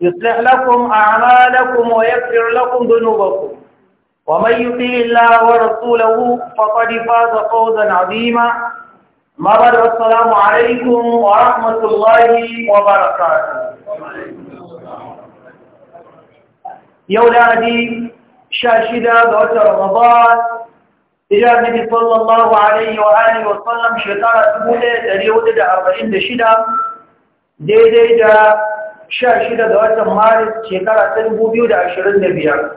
يصلح لكم أعمالكم ويغفر لكم ذنوبكم ومن يطيع الله ورسوله فقد فاز فوزا عظيما ما بعد السلام عليكم ورحمة الله وبركاته يولا دي شاشدة دوت رمضان إلى النبي صلى الله عليه وآله وسلم شكرا سبولة تريد أربعين شدة دي دي دا 16 ga watan maris shekara ta 2025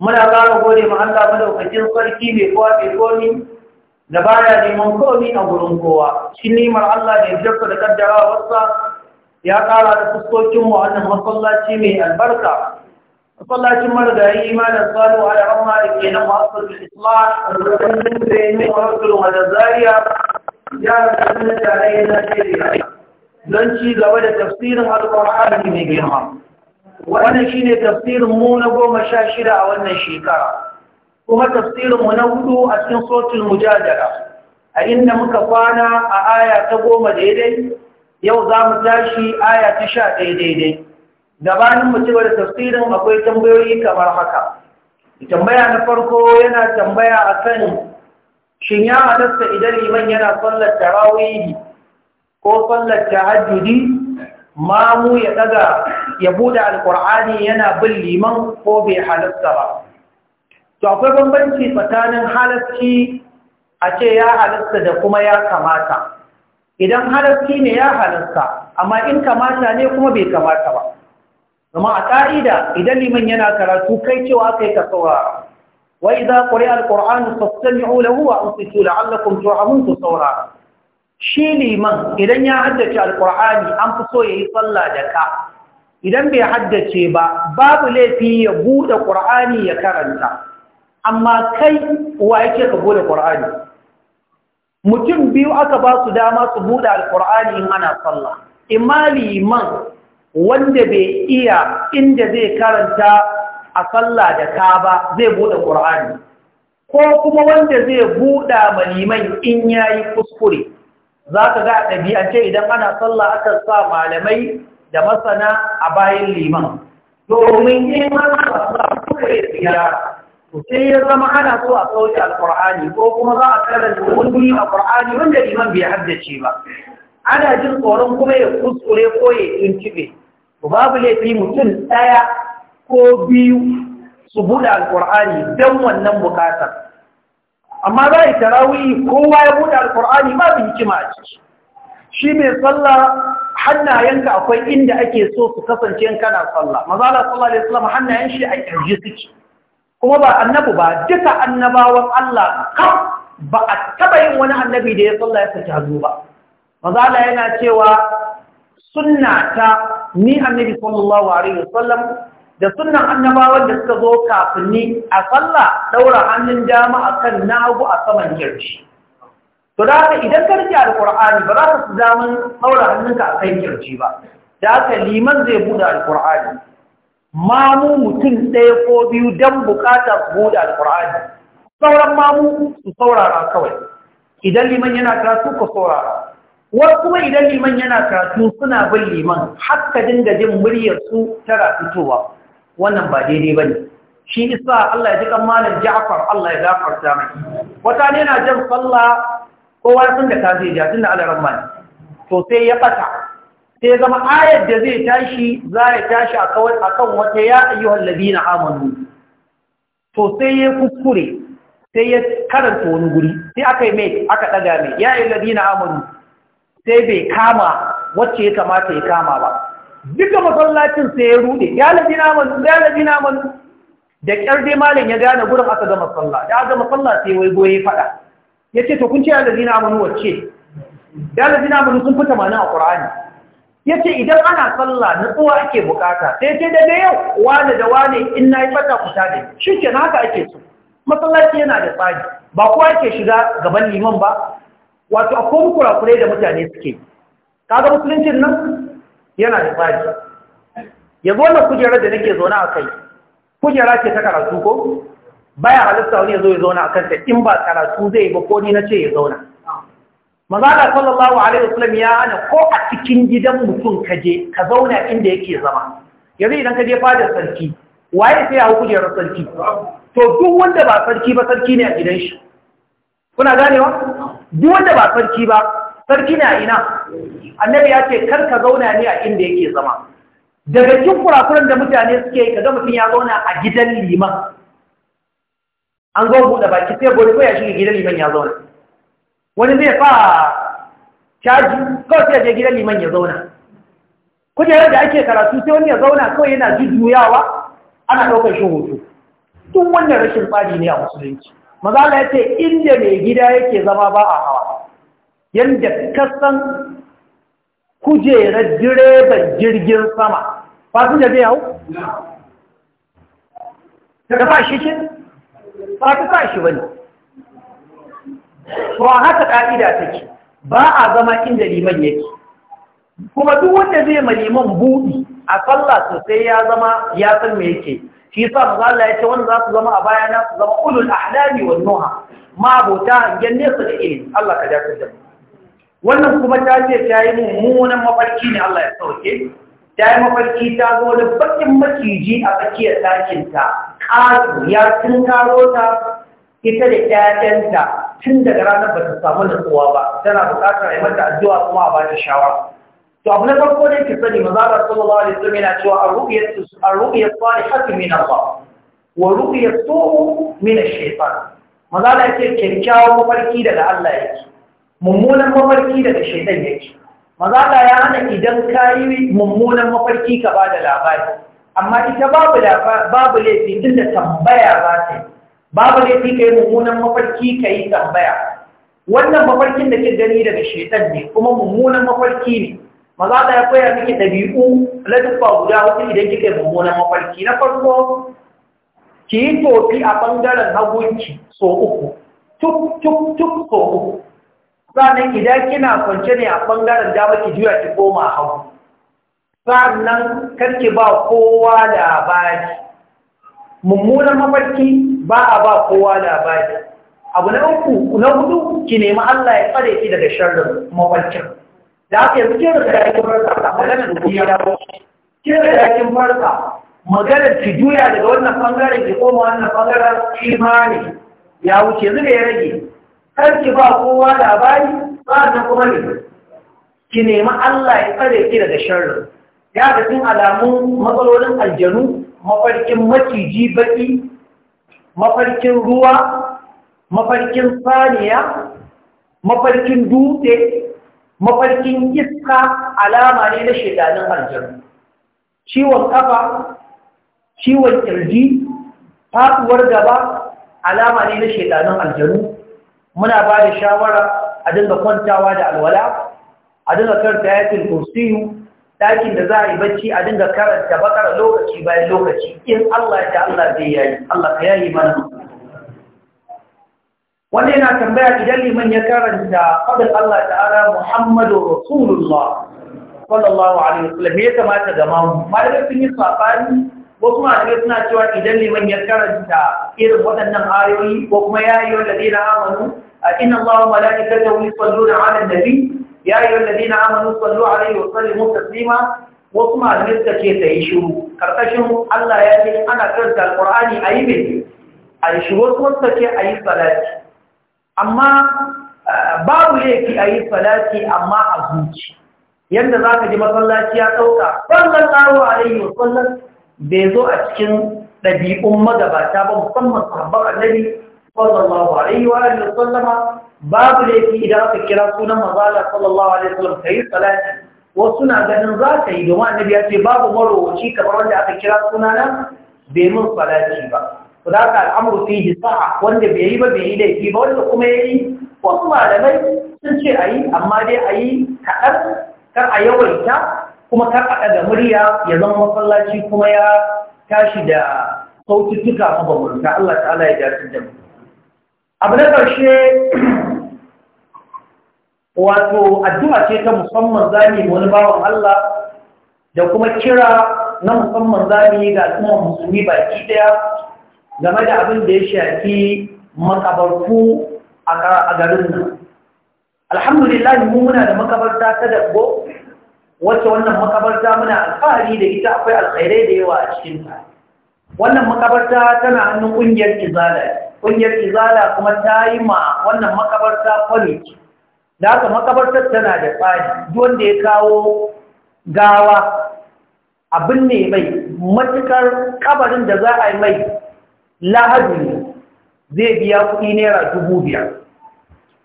muna ƙara gode ma Allah madaukakin sarki mai kowa mai komi da baya neman komi a gurin kowa shi nimar Allah da ya da kaddara wasa ya ƙara da fuskokin mu wannan masallaci mai albarka masallacin marigayi imanin salo a da rama da ke nan masu islam rukun da zariya ya rasu da tarayyar don ci gaba da tafsirin alƙur'ani mai girma wannan shine tafsirin mu na goma sha shida a wannan shekara kuma tafsirin mu na hudu a cikin sotul mujadala a inda muka kwana a aya ta goma daidai yau za mu tashi aya ta sha ɗaya daidai gabanin mu cewa da tafsirin akwai tambayoyi kamar haka tambaya na farko yana tambaya akan shin ya halatta idan liman yana sallar tarawihi ko sallar tahajjudi mamu ya daga ya bude yana bin liman ko bai halatta ba to akwai bambanci tsakanin halarci a ce ya halatta da kuma ya kamata idan halarci ne ya halatta amma in kamata ne kuma bai kamata ba kuma a ƙa'ida idan liman yana karatu kai cewa kai ka saurara wa idza quri'a alqur'anu fastami'u lahu wa ansitu la'allakum turhamun ku saurara shi liman idan ya haddace alƙur'ani an fi so ya yi sallah da ka idan bai haddace ba babu laifi ya buɗe ƙur'ani ya karanta amma kai wa yake ka buɗe ƙur'ani mutum biyu aka ba su dama su buɗe alƙur'ani in ana sallah Ima liman wanda bai iya inda zai karanta a sallah da ka ba zai buɗe ƙur'ani ko kuma wanda zai buɗa ma liman in yi kuskure za ka ga a ɗabi'ance idan ana sallah aka sa malamai da masana a bayan liman domin yin mana ba su kai tsira to sai ya zama ana so a sauke alƙur'ani ko kuma za a karanta wani a ƙur'ani wanda liman bai haddace ba ana jin tsoron kuma ya kuskure ko ya tuntube to babu laifi mutum ɗaya ko biyu su buɗe alƙur'ani don wannan buƙatar amma za a tarawihi kowa ya buɗe alƙur'ani ma bi hikima a ciki shi mai sallah hannayenka akwai inda ake so su kasance kana sallah maza Allah sallallahu alaihi hannayen shi a kirji suke kuma ba annabi ba duka annabawan Allah kaf ba a taba yin wani annabi da ya sallah ya saki hannu ba mazala yana cewa sunna ta ni annabi sallallahu alaihi wasallam da sunan annabawan da suka zo kafin ni a sallah daura hannun dama akan nagu a saman kirji to da haka idan ka rike alqur'ani ba za ka su damun daura hannunka a akan kirji ba da haka liman zai bude alqur'ani mamu mutum ɗaya ko biyu don bukata su bude alqur'ani sauran mamu su saurara kawai idan liman yana karatu ka saurara wasu kuma idan liman yana karatu suna bin liman har ka dinga jin muryar su tana fitowa wannan ba daidai ba ne shi isa Allah ya ji kan malam Ja'far Allah ya gafarta mai wata ne na jan sallah kowa sun da ta zai ja tunda Allah rahman to sai ya bata sai zama ayar da zai tashi za ya tashi a kan wata ya ayyuhal ladina amanu to sai ya kuskure sai ya karanta wani guri sai aka yi mai aka daga mai ya ayyuhal ladina sai bai kama wacce ya kamata ya kama ba duka masallacin sai ya rude ya lafi naman ya naman da kyar dai malam ya gane gurin aka gama sallah da aka gama sallah sai wai goye fada yace to kun ce ya labi naman wacce ya lafi naman sun fita mana a qur'ani yace idan ana salla na nutsuwa ake bukata sai ce daga yau wani da wani in nayi fata ku ta da shikenan haka ake so masallaci yana da tsari ba kowa ake shiga gaban liman ba wato akwai kurakurai da mutane suke kaga musuluncin nan yana da tsari yanzu wannan kujerar da nake zaune a kai kujera ce ta karatu ko baya halitta wani ya zo ya zauna a kanta in ba karatu zai ba ko ni na ce ya zauna mazaɗa sallallahu alaihi wasallam ya hana ko a cikin gidan mutum ka je ka zauna inda yake zama yanzu idan ka je fadar sarki waye sai ya hau kujerar sarki to duk wanda ba sarki ba sarki ne a gidan shi kuna ganewa duk wanda ba sarki ba sarki na ina annabi ya ce kar ka zauna ne a inda yake zama daga cikin kurakuran da mutane suke yi kaga mutum ya zauna a gidan liman an zo buɗe baki sai gobe ko ya shiga gidan liman ya zauna wani zai fa caji kawai sai ya je gidan liman ya zauna kujerar da ake karatu sai wani ya zauna kawai yana jujjuyawa ana ɗaukar shi hoto tun wannan rashin tsari ne a musulunci maza ya ce inda mai gida yake zama ba a hawa yadda kasan kujerar direban jirgin sama da zai hau? Ka ba shi shi? ba ta ba shi wani to haka ƙa'ida take ba a zama inda liman yake kuma duk wanda zai ma liman buɗi a sallah sosai ya zama ya san me yake shi sa manzo Allah ya ce wanda za su zama a bayana su zama ulul ahlami wa noha, ma abota hangen nesa da ilimin Allah ka dace da mu wannan kuma ta ce ta yi mummunan mafarki ne Allah ya sauke ta yi mafarki ta zo da bakin maciji a tsakiyar ɗakinta ƙasu ya tun karo ta ita da ƴaƴanta tun daga ranar ba ta samu nutsuwa ba tana buƙatar yi mata addu'a kuma a ba ta shawara to abu na farko da yake sani mazara sallallahu alaihi wasallam yana cewa ar-ru'yatu ar-ru'yatu salihatu min Allah wa ru'yatu min ash-shaytan mazala yake kyakkyawan mafarki daga Allah yake mummunan mafarki daga shaidan yake mazaka ya hana idan ka yi mummunan mafarki ka ba da labari amma ita babu laifin laifi tun da tambaya za ta yi babu laifi ka yi mummunan mafarki ka yi tambaya wannan mafarkin da ke gani daga shaitan ne kuma mummunan mafarki ne maza ya koya miki ɗabi'u ladufa guda wasu idan kika yi mummunan mafarki na farko ki yi tofi a ɓangaren hagunki so uku tuk tuk tuk so uku sannan idan kina kwance ne a ɓangaren dama ki juya ki koma hau sannan karki ba kowa labari mummunan mafarki ba a ba kowa labari abu na uku na hudu ki nemi Allah ya tsare ki daga sharrin mafarkin da aka yanzu kin da kin farka maganar da ya dawo kin riga kin farka maganar ki juya daga wannan ɓangaren ki koma wannan bangaren imani ya wuce yanzu da ya rage kar ki ba kowa labari ba na kuma ne ki nemi Allah ya tsare ki daga sharri ya ga tun alamun matsalolin aljanu mafarkin maciji baki mafarkin ruwa mafarkin saniya mafarkin dutse mafarkin iska alama ne na shedanin aljanu ciwon kafa ciwon kirji faɗuwar gaba alama ne na shedanin aljanu muna ba da shawara a dinga kwantawa da alwala a dinga karanta yakin kursiyu ɗakin da za a yi bacci a dinga karanta bakar lokaci bayan lokaci in Allah ya Allah zai yayi Allah ka yayi mana wanda yana tambaya idan liman ya karanta fadin Allah ta'ala Muhammadu Rasulullah sallallahu alaihi wasallam ya kamata ga mamu malamin sun yi sabani wasu malamai suna cewa idan liman ya karanta irin waɗannan ayoyi ko kuma ya yi wanda amanu a inna Allah wa mala'ikata wa yusallu na ala nabi ya yi Ladina zai na amanu sallu alaihi wa sallimu taslima wasu malamai suka ce ta yi shiru karkashin Allah ya ce ana karanta alqur'ani a yi mai a yi shiru wasu wasu ce a yi salati amma babu laifi a yi salati amma a zuci yadda za ka ji masallaci ya ɗauka sallallahu alaihi wa sallam bai zo a cikin ɗabi'un magabata ba musamman sahabban annabi sallallahu alaihi wa alihi sallama babu laifi idan aka kira sunan mazala sallallahu alaihi wasallam kai salati wasu na ganin za ta yi domin annabi ya ce babu marowaci kamar wanda aka kira sunana bai mun salati ba za ka al'amuru fi sa'a wanda bai yi ba bai yi laifi ba wanda kuma ya yi wasu malamai sun ce a yi amma dai a yi kaɗan kar a yawaita kuma ka faɗa da murya ya zama masallaci kuma ya tashi da saututtuka mabambanta Allah ta'ala ya dace da mu abu na ƙarshe wato addu'a ce ta musamman zami wani bawan Allah da kuma kira na musamman zami ga kuma musulmi baki daya game da abin da ya shafi makabarku a garin nan alhamdulillah mu muna da makabarta ta dabbo wacce wannan makabarta muna alfahari da ita akwai alkhairai da yawa a cikinta wannan makabarta tana hannun ƙungiyar izala ƙungiyar izala kuma ta yi ma wannan makabarta kwalit da haka makabartar tana da tsari wanda ya kawo gawa abin ne mai matukar kabarin da za a yi mai lahadu ne zai biya kuɗi naira dubu biyar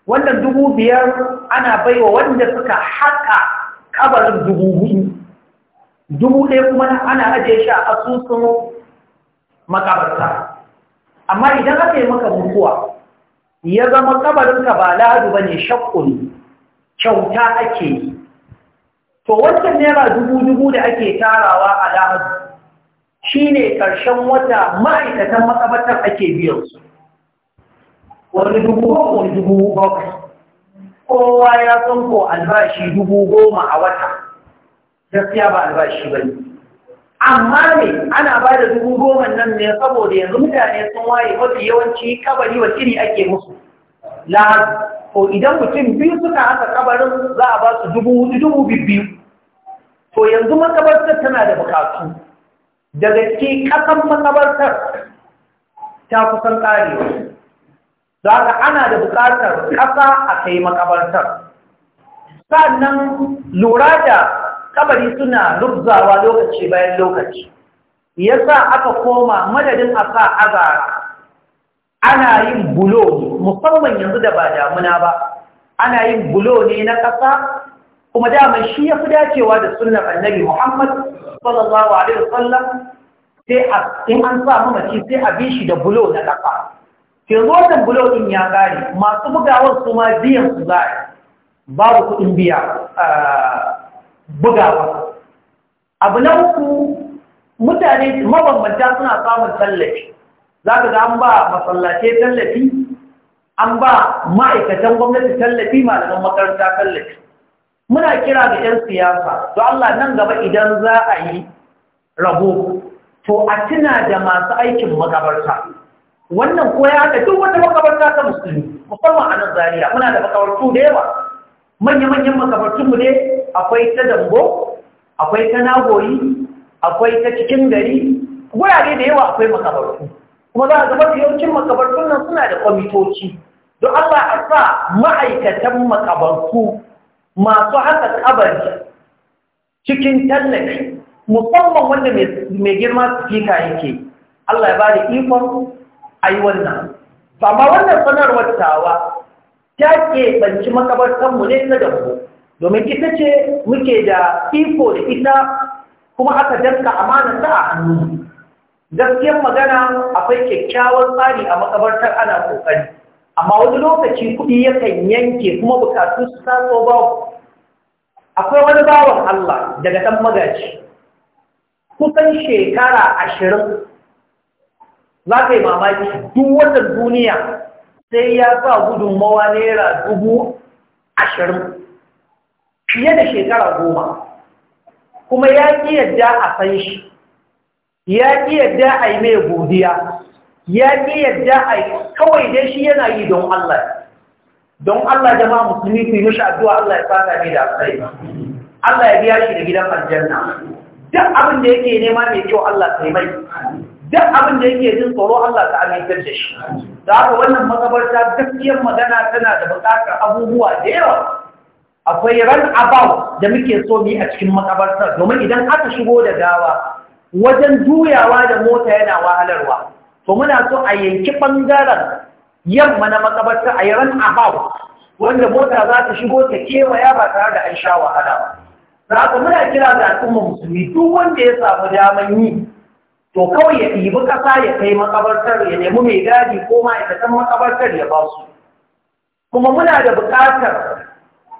wannan dubu biyar ana baiwa wanda suka haƙa kabarin dubu hudu dubu ɗaya kuma ana ajiye shi a asusun makabarta amma idan aka yi maka mutuwa ya zama kabarinka ba ladu ba ne shakkuli kyauta ake yi to wancan naira dubu-dubu da ake tarawa a lahadu shi ne ƙarshen wata ma'aikatan makabartar ake su, wani dubu wani dubu bakwai kowa ya san ko albashi dubu goma a wata gaskiya ba albashi ba ne amma ne ana ba da dubu goma nan ne saboda yanzu mutane sun waye mafi yawanci kabari wa kiri ake musu lahar ko idan mutum biyu suka haka kabarin za a ba su dubu hudu dubu biyu to yanzu makabartar tana da bukatu daga ke kasan makabartar ta kusan ƙarewa. za ana da buƙatar ƙasa a kai makabartar sannan lura da kabari suna rubzawa lokaci bayan lokaci yasa aka koma madadin a sa azara ana yin bulo musamman yanzu da ba damuna ba ana yin bulo ne na ƙasa kuma damar shi ya fi dacewa da sunan annabi Muhammad sallallahu Alaihi wasallam sai in an sa mamaci sai a bi shi da bulo na ƙasa ke wannan bulo din ya kare masu bugawar su ma biyan su za a babu kuɗin biya bugawa abu na uku mutane mabambanta suna samun tallafi za ka ga an ba masallace tallafi an ba ma'aikatan gwamnati tallafi malaman makaranta tallafi muna kira ga 'yan siyasa to Allah nan gaba idan za a yi rabo to a tuna da masu aikin makabarta wannan ko ya haɗa duk wata makabarta ta musulmi musamman a nan zariya muna da makabartu da yawa manya-manyan makabartunmu ne akwai ta dambo akwai ta nagoyi akwai ta cikin gari wurare da yawa akwai makabartu kuma za a zama da yawancin makabartun nan suna da kwamitoci don Allah a sa ma'aikatan makabartu masu haka kabari cikin tallafi musamman wanda mai girma su fika yake Allah ya ba da ikon a wannan ba ma wannan sanarwar tawa ta ke makabartar makabartanmu ne na damu domin ita ce muke da iko da ita kuma aka danka amana ta a hannu gaskiyar magana akwai kyakkyawar tsari a makabartar ana kokari amma wani lokaci kuɗi yakan yanke kuma bukatu su taso babu akwai wani bawan Allah daga ɗan magaji kusan shekara ashirin za ka yi mamaki duk wata duniya sai ya sa gudunmawa naira dubu ashirin fiye da shekara goma kuma ya ƙi yadda a san shi ya ƙi yadda a yi mai godiya ya ƙi yadda a yi kawai dai shi yana yi don Allah don Allah jama'a musulmi ku yi mishi addu'a Allah ya fata ne da asali Allah ya biya shi da gidan aljanna duk abin da yake nema mai kyau Allah sai mai duk abin da yake jin tsoro Allah ta amintar da shi da haka wannan makabarta gaskiyar magana tana da bukatar abubuwa da yawa akwai ran abau da muke so mu a cikin makabartar domin idan aka shigo da dawa wajen juyawa da mota yana wahalarwa to muna so a yanki bangaren yamma na makabarta a ran about wanda mota za ta shigo ta kewaya ba tare da an sha wahala ba. Za ka muna kira da al'ummar musulmi duk wanda ya samu daman yi to kawai ya ɗibi ƙasa ya kai makabartar ya nemi mai gadi ko ma'aikatan makabartar ya ba su kuma muna da buƙatar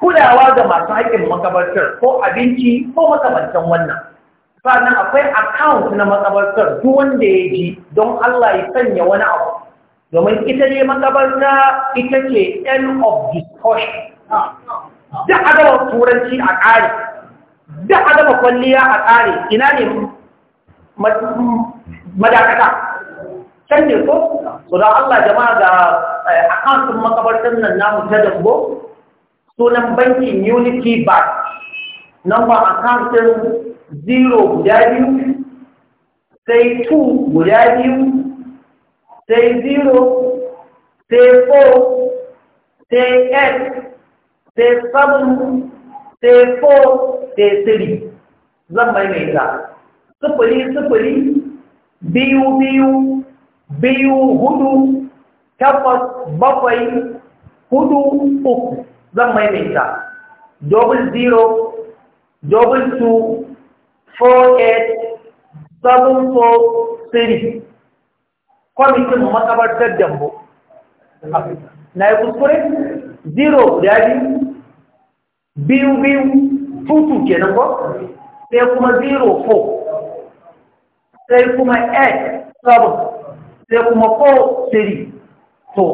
kulawa ga masu haƙƙin makabartar ko abinci ko makamantan wannan sannan akwai akawunt na makabartar duk wanda ya ji don Allah ya sanya wani abu domin ita ne makabarta ita ce end of discussion duk adaba turanci a ƙare duk adaba kwalliya a ƙare ina ne madakata can ne ko so da Allah jama'a ga eh, akansun makabartan nan namu ta dambo sunan bankin unity bank namba akansun zero guda biyu sai two guda biyu sai zero sai four sai eight sai seven sai four sai three zan maimaita sifili sifili biyu biyu biyu hudu takwas bakwai hudu uku zan maimaita double zero double two four eight seven four three kwamitin makabartar dambo na yi kuskure zero guda biyu biyu biyu tutu nan ko sai kuma zero four sai kuma 8 sabon sai kuma 4 3 to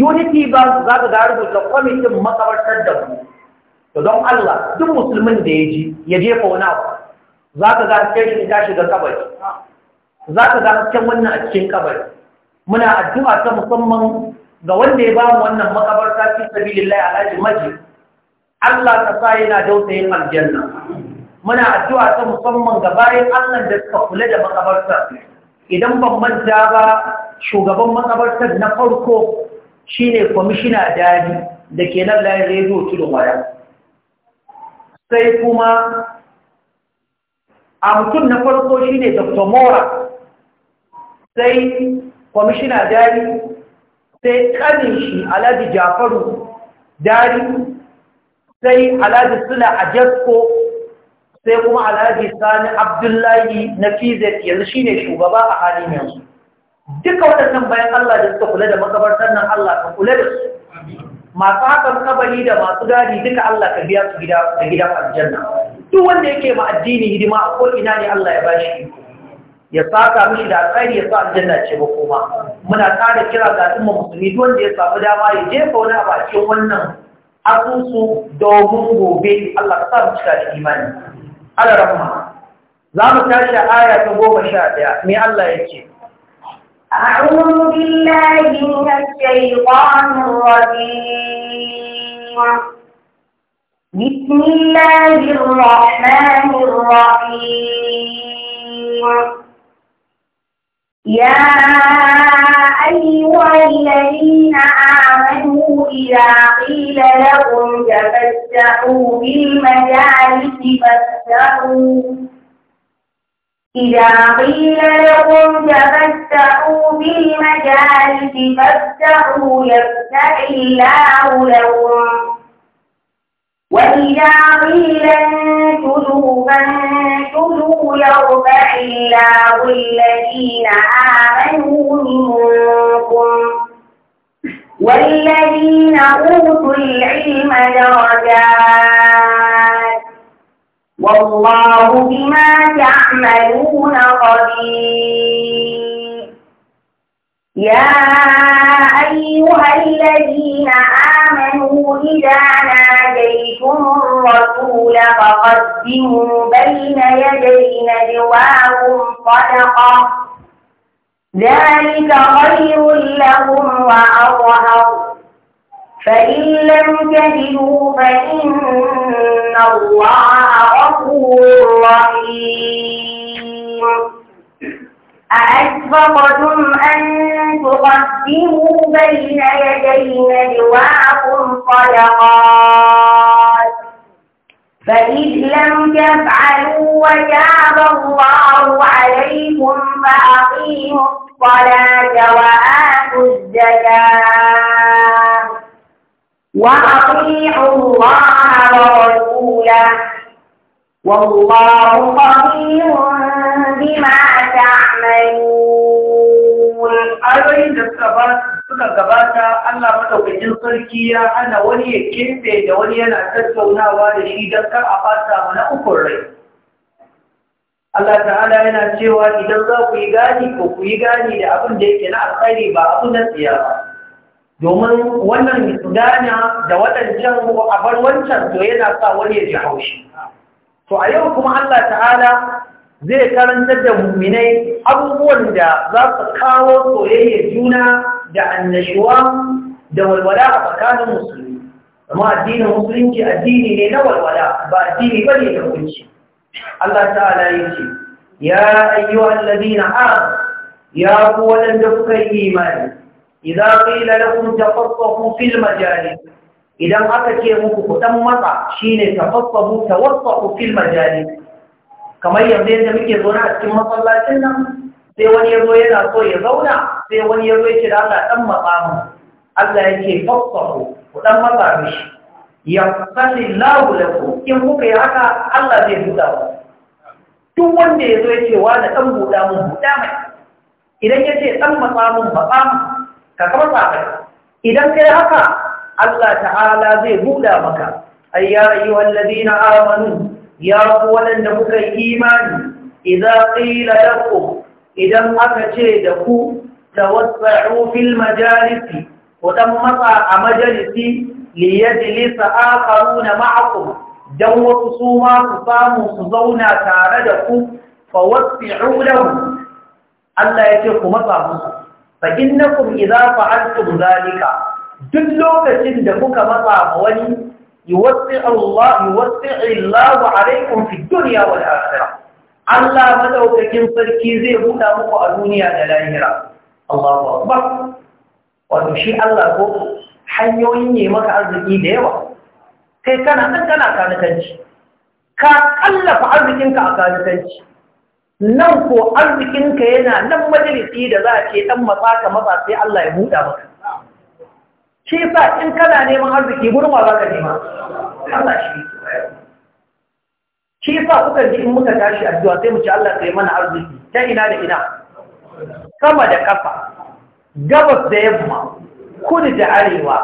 unity bank za ka ga rubuta kwamitin makabartar da ku to don Allah duk musulmin da ya ji ya jefa wani abu za ka ga hasken ta shiga kabari za ka ga wannan a cikin kabari muna addu'a ta musamman ga wanda ya ba mu wannan makabarta fi sabilillahi alhaji maji Allah ta sa yana dausayin aljanna muna addu'a ta musamman ga bayan Allah da suka kula da makabartar idan ban manta ba shugaban makabartar na farko shine kwamishina dadi da ke nan layin rediyo tudun waya sai kuma a mutum na farko shine dr mora sai kwamishina dadi sai kanin shi alhaji jafaru dadi sai alhaji sula a jasko sai kuma alhaji sani abdullahi na fizet yanzu shi ne shugaba a halin yanzu duka waɗannan bayan allah da suka kula da makabartar nan allah ka kula da su masu hakan kabari da masu gadi duka allah ka biya su gida da gidan aljanna duk wanda yake ma addini hidima a ina ne allah ya ba shi ya saka mishi da alkhairi ya sa aljanna ce ba koma muna kada kira ga al'umma musulmi duk wanda ya samu dama ya jefa wani abu a cikin wannan asusu domin gobe Allah ka sa mu cika da imani ala rahma za mu tashi aya ta goma sha ɗaya mai Allah ya ce a'udhu billahi min ash-shaytanir rajim bismillahir rahmanir rahim ya أيها الذين آمنوا إذا قيل لهم تفسحوا في المجالس فافسحوا إذا قيل لكم تفسحوا في المجالس فافسحوا يفتح الله لكم وإذا قيل انشدوا فانشدوا يرفع الله الذين آمنوا منكم والذين أوتوا العلم درجات والله بما تعملون خبير يا أيها الذين آمنوا إذا ناديتم الرسول فقدموا بين يدي نجواهم صدقة ذلك خير لهم وأظهر فإن لم تجدوا فإن الله غفور رحيم أأشفقتم أن تقدموا بين يدي نجواكم صدقات فإذ لم تفعلوا وتاب الله عليكم فأقيموا الصلاة وآتوا الزكاة وأطيعوا الله ورسوله والله قدير suka gabata Allah madaukakin sarki ya hana wani ya kimbe da wani yana tattaunawa da shi don kar a fata mana ukun rai. Allah ta'ala yana cewa idan za ku yi gani ko ku yi gani da abin da yake na alkhairi ba abu na tsiya ba. Domin wannan gana da waɗancan a bar wancan to yana sa wani ya ji haushi. to a yau kuma Allah ta'ala zai karantar da muminai abubuwan da za su kawo soyayya juna da annashuwa da walwala a tsakanin musulmi amma addinin musulunci addini ne na walwala ba addini ba ne da kunci Allah ta'ala ya ce ya ayyuhal ladina amanu ya ku wadanda kuka yi imani idza qila lakum tafaqahu fil majalis idan aka ce muku ku dan matsa shine tafaffahu tawassahu fil majalis kamar yanzu yadda muke zaune a cikin masallacin nan sai wani ya zo yana so ya zauna sai wani ya zo ya ce da Allah dan matsa mu Allah yake tafaffahu ku dan matsa mishi ya sani lahu lakum in kuka yi haka Allah zai buɗa ku duk wanda ya zo ya ce wa da dan buɗa mun buɗa mai idan ya ce dan matsa mun matsa mu ka kama sa idan kai haka Allah ta'ala zai buɗa maka ay ya ayyuhal ladina amanu ya fi waɗanda kuka yi imani idza da ku. idan aka ce da ku wasu fil majalisi ku ɗan matsa a majalisi li yajlisa akharuna ma'akum don wasu su ma su samu su zauna tare da ku fa wasi'u lahum Allah ya ce ku matsa musu fa innakum idza fa'altum zalika duk lokacin da kuka matsa ma wani yuwassi Allah yuwassi Allah alaikum fi dunya wal akhirah Allah madaukakin sarki zai buɗa muku a duniya da lahira ba akbar wato shi Allah ko hanyoyin ne maka arziki da yawa kai kana nan kana kanikanci ka kallafa arzikinka a kanikanci nan ko arzikinka yana nan majalisi da za a ce dan matsa ka matsa sai Allah ya buɗa maka shi sa in kana neman arziki gurma wa za ka nema Allah shi shi sa kuka ji in muka tashi addu'a sai mu ci Allah yi mana arziki ta ina da ina sama da kafa gabas da yamma kudu da arewa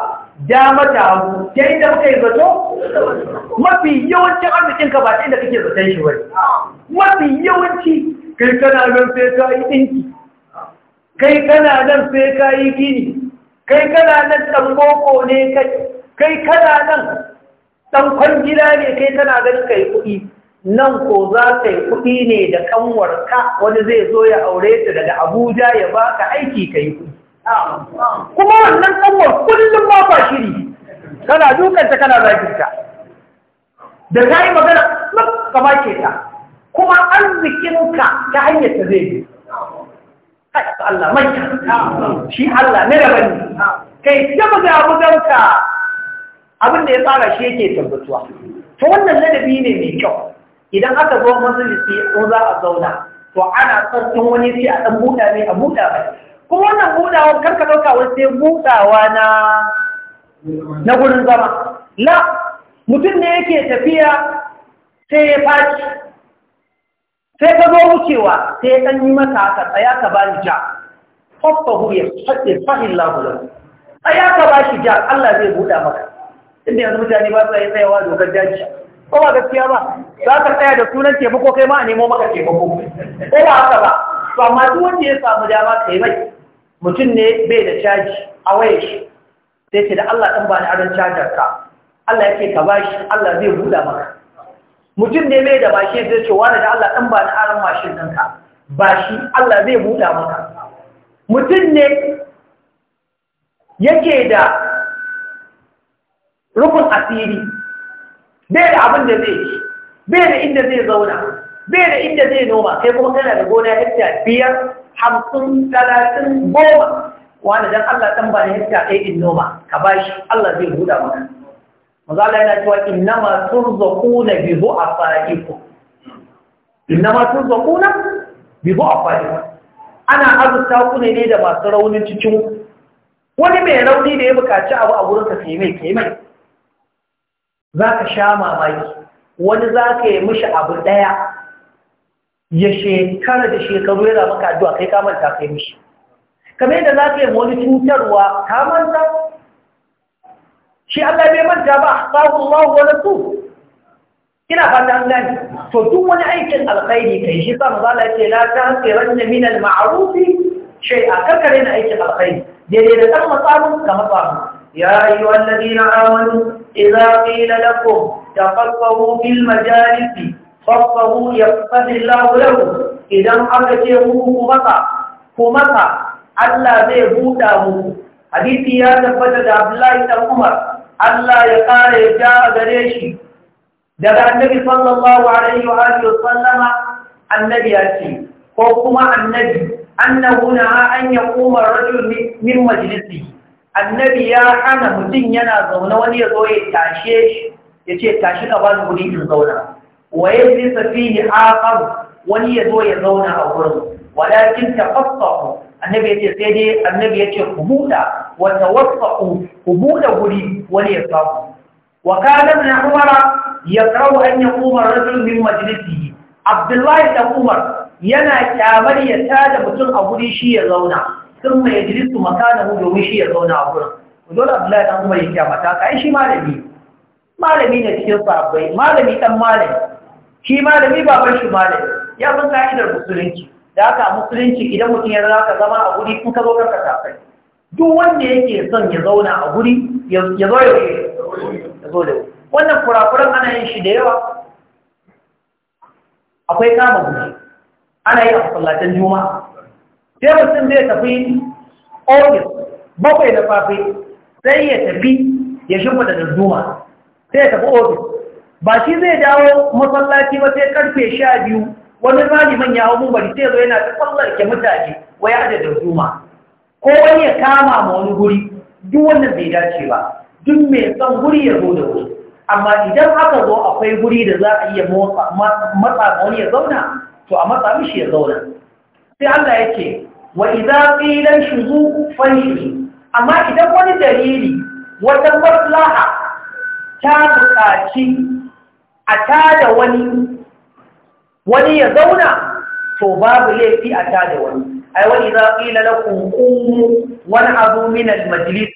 dama ta hagu ta inda muka yi zato mafi yawancin ka ba ta inda kake zaton shi wani mafi yawanci kai kana nan sai ka yi ɗinki kai kana nan sai ka yi gini kai kana nan ɗan boko ne kai kana nan ɗan kwangila ne kai kana ganin ka yi kuɗi nan ko za ka yi kuɗi ne da ƙanwarka wani zai zo ya aure ta daga abuja ya baka aiki ka yi kuɗi kuma wannan ƙanwar kullum ba fa shiri kana dukanta kana zafinta da ta yi magana kama ke ta kuma arzikinka ta hanyar ta zai bi haɗa Allah manta shi Allah na daban ne kai ta buga buganka Abinda ya fara shi yake tabbatuwa to wannan ladabi ne mai kyau idan aka zo majalisi ko za a zauna to ana son wani sai a ɗan buɗa ne a buɗa mai kuma wannan buɗawa karka ɗauka wani sai buɗawa na na gurin zama la mutum ne yake tafiya sai ya faci sai ka zo wucewa sai ɗan yi mata haka tsaya ka ba ni ja fafahu ya fahin lahular tsaya ka ba shi ja Allah zai buɗa maka inda yanzu mutane ba su yi tsayawa dokar daji ko ba gaskiya ba za ka tsaya da sunan taimako kai ma a nemo maka taimako ko ba haka ba to amma duk wanda ya samu dama kai mai mutum ne bai da caji a waye shi sai ce da Allah ɗan ba ni aron cajar ka Allah yake ka ba shi Allah zai buɗa maka mutum ne mai da bashi zai ce wani da Allah ɗan ba na aron mashin ba bashi Allah zai buɗa maka mutum ne yake da rufin asiri bai da abin da zai ci bai da inda zai zauna bai da inda zai noma sai kuma kana da gona hekta biyar hamsin talatin goma wani don Allah ɗan ba na hekta ɗaya in noma ka bashi Allah zai buɗa maka maza Allah yana cewa innama turzaquna bi du'afaikum innama turzaquna bi du'afaikum ana azurta ku ne da masu raunin cikin wani mai rauni da ya bukaci abu a wurin ka sai mai kai mai zaka sha mamaki wani zaka yi mishi abu daya ya shekara da shekaru yana maka addu'a kai ka manta kai mishi kamar yadda zaka yi wani cutarwa ka manta shi Allah bai manta ba sahu Allah wa rasu ina fata an gani to duk wani aikin alkhairi kai shi sa maza Allah ce la ta hasiran min al ma'ruf a karkare na aikin alkhairi daidai da san matsabun ka matsabu ya ayyuhal ladina amanu idza qila lakum tafaqahu bil majalis fafqahu yaqdi Allahu lahu idan aka ce ku ku Allah zai buda mu. hadisi ya tabbata da Abdullahi ibn Umar Allah ya ƙara ya ja a gare shi daga annabi sallallahu alaihi wa alihi wa sallama annabi ya ce ko kuma annabi annahu na an yaquma rajul min majlisi annabi ya hana mutum yana zaune wani ya zo ya tashe shi ya ce tashi ka ba guri in zauna wa yajlisa fihi akhar wani ya zo ya zauna a gurin walakin tafassahu annabi ya ce sai dai annabi ya ce ku huta. wa tawaffaqu ku buɗe wuri wani ya samu wa kana ibn umar yakrahu an yaquma rajul min majlisihi abdullahi da umar yana kyamar ya tada mutum a guri shi ya zauna sun mai jirisu makanahu domin shi ya zauna a gurin dole abdullahi umar ya shi malami malami ne cikin sabbai malami dan malami shi malami baban shi malami ya san ka'idar musulunci da haka musulunci idan mutum ya zaka zama a guri kun ka zo karka tafai duk wanda yake son ya zauna a guri ya zo ya zo da wannan kurakuran ana yin shi da yawa akwai kama guri ana yi a masallatan juma'a sai mutum zai tafi ofis bakwai da fafe sai ya tafi ya shimfada da juma sai ya tafi ofis ba shi zai dawo masallaci ba sai karfe sha biyu wani zaliman ya hau mubari sai zo yana ta tsallarke mutane waya da zuma ko wani ya kama ma wani guri duk wannan bai dace ba duk mai son guri ya zo da wuri amma idan aka zo akwai guri da za a iya matsa ma wani ya zauna to a matsa mishi ya zauna sai Allah ya ce wa idza qila shuzu fanshi amma idan wani dalili wata maslaha ta buƙaci a tada wani wani ya zauna to babu laifi a tada wani ai wani za ƙila na kukumu wani abu min almajalis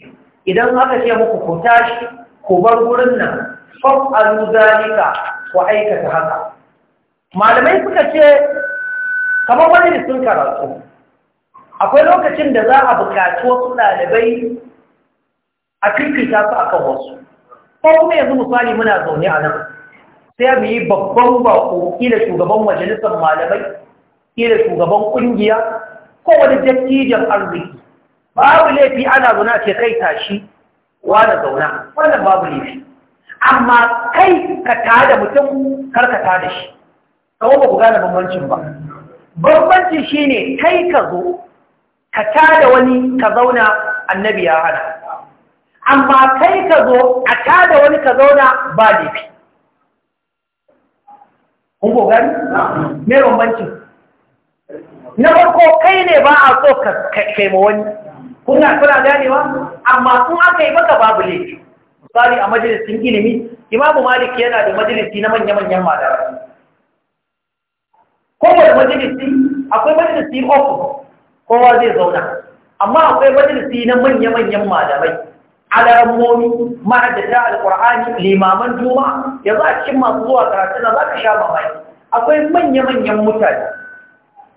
idan aka ce muku ku tashi ku bar wurin nan faf al zalika ku aikata haka malamai suka ce kamar wani sun karatu akwai lokacin da za a buƙaci wasu ɗalibai a kirkita su akan wasu ko kuma yanzu misali muna zaune a nan sai mu yi babban bako kila shugaban majalisar malamai kila shugaban ƙungiya kowane dattijan arziki babu laifi ana zuna ce kai tashi wa da zauna wannan babu laifi amma kai ka tada da mutum kar ka da shi kawo ba ku gane bambancin ba bambancin shi ne, kai ka zo ka da wani ka zauna annabi ya hana amma kai ka zo a da wani ka zauna ba laifi kun ko gani me bambancin na farko kai ne ba a so ka kai ma wani kuna kuna ganewa amma sun aka yi maka babu laifi misali a majalisun ilimi imamu malik yana da majalisi na manya-manyan madara kowane majalisi akwai majalisi ofu kowa zai zauna amma akwai majalisi na manya-manyan malamai alarammomi ta alkur'ani limaman juma'a yanzu a cikin masu zuwa karatu na za ka sha mamaki akwai manya-manyan mutane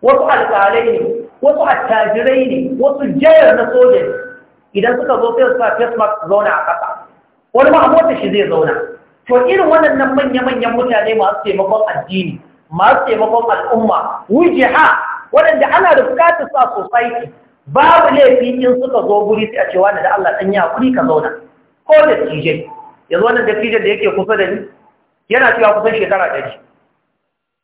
wasu alƙalai ne wasu attajirai ne wasu jayar na soja ne idan suka zo sai su face mask zauna a ƙasa wani ma shi zai zauna to irin waɗannan manya-manyan mutane masu taimakon addini masu taimakon al'umma ha, waɗanda ana da bukatar sa society babu laifi in suka zo guri sai a cewa da Allah ɗan ya kuri ka zauna ko da tije yanzu wannan dattijan da yake kusa da ni yana cewa kusan shekara ɗari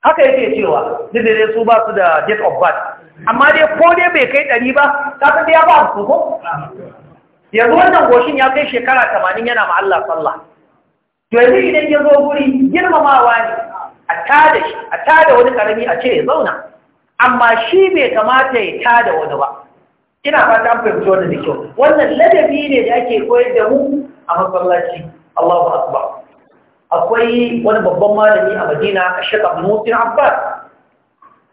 haka yake cewa duk su ba su da date of birth amma dai ko dai bai kai ɗari ba ka san ya ba su ko yanzu wannan goshin ya kai shekara tamanin yana ma Allah sallah to yanzu idan ya zo guri girmamawa ne a tada shi a tada wani karami a ce ya zauna amma shi bai kamata ya tada wani ba ina fata an fahimci wannan da kyau wannan ladabi ne da ake koyar da mu a masallaci Allahu akbar akwai wani babban malami a madina a shekar musin abbas